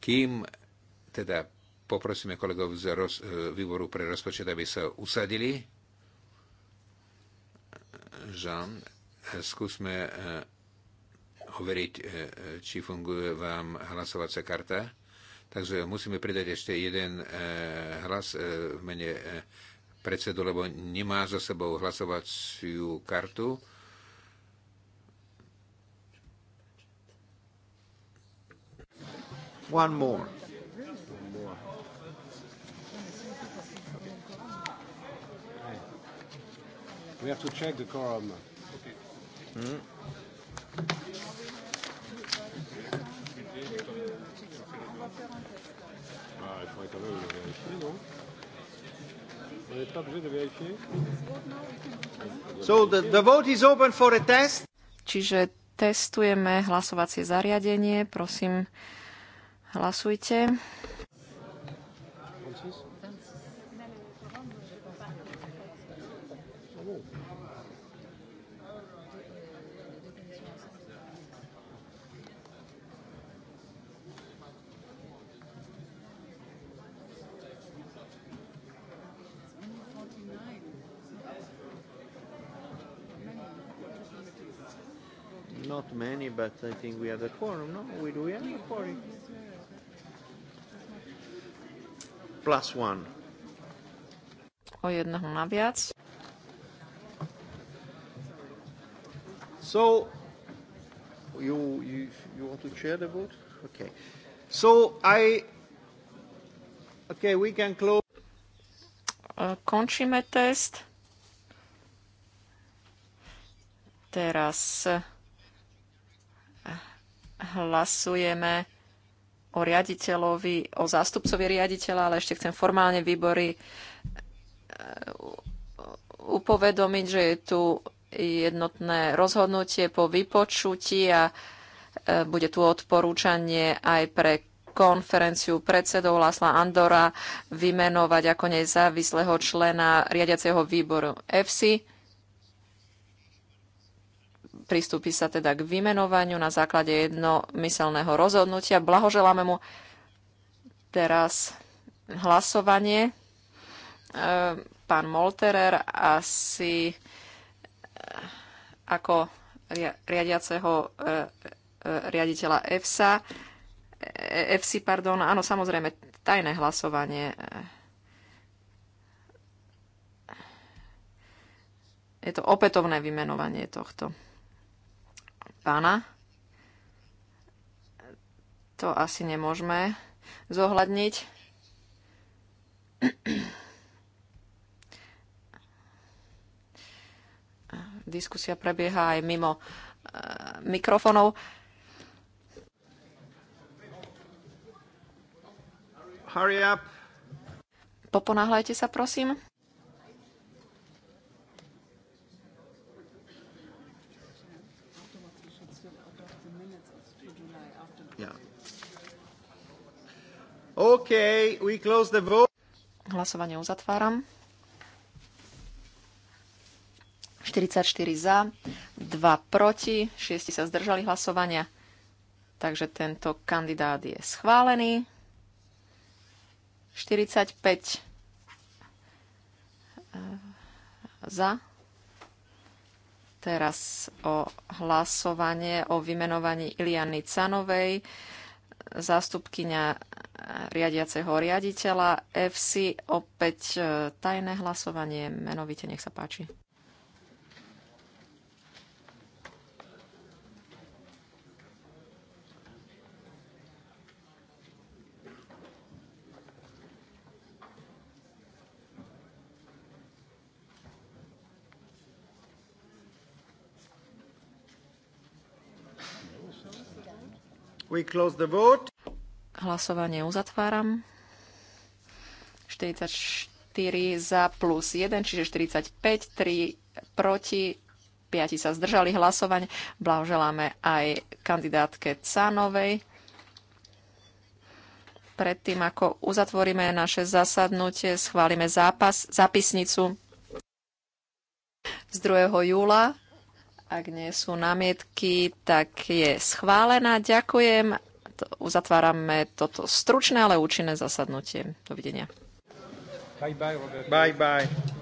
Kým teda poprosíme kolegov z roz, e, výboru pre rozpočet, aby sa usadili, Žan, e, skúsme e, overiť, či funguje vám hlasovacia karta. Takže musíme pridať ešte jeden hlas v mene predsedu, lebo nemá za sebou hlasovaciu kartu. One more. We have to check the quorum. Mm. Ah, On n'est So the, the vote is open for a test. Čiže testujeme hlasovacie zariadenie. Prosím, Hlasujte. not many, but I think we have the quorum, no? We do we have the quorum? plus one. O jednoho naviac. So, you, you, you want to chair the vote? Okay. So, I... Okay, we can close. E, končíme test. Teraz e, hlasujeme o riaditeľovi, o zástupcovi riaditeľa, ale ešte chcem formálne výbory e, upovedomiť, že je tu jednotné rozhodnutie po vypočutí a e, bude tu odporúčanie aj pre konferenciu predsedov Lásla Andora vymenovať ako nezávislého člena riadiaceho výboru EFSI Pristúpi sa teda k vymenovaniu na základe jednomyselného rozhodnutia. Blahoželáme mu teraz hlasovanie. E, pán Molterer asi e, ako riadiaceho e, riaditeľa EFSA, EFSI, pardon, áno, samozrejme, tajné hlasovanie. Je to opätovné vymenovanie tohto pána. To asi nemôžeme zohľadniť. Diskusia prebieha aj mimo e, mikrofonov. Hurry up. Poponáhľajte sa, prosím. we close the vote. Hlasovanie uzatváram. 44 za, 2 proti, 6 sa zdržali hlasovania. Takže tento kandidát je schválený. 45 eh, za. Teraz o hlasovanie o vymenovaní Iliany Canovej, zástupkyňa riadiaceho riaditeľa FC. Opäť e, tajné hlasovanie, menovite, nech sa páči. We close the vote. Hlasovanie uzatváram. 44 za plus 1, čiže 45, 3 proti, 5 sa zdržali hlasovanie. Blahoželáme aj kandidátke Cánovej. Predtým, ako uzatvoríme naše zasadnutie, schválime zápas, zápisnicu z 2. júla. Ak nie sú námietky, tak je schválená. Ďakujem uzatvárame toto stručné, ale účinné zasadnutie. Dovidenia. Bye bye. Robert. Bye bye.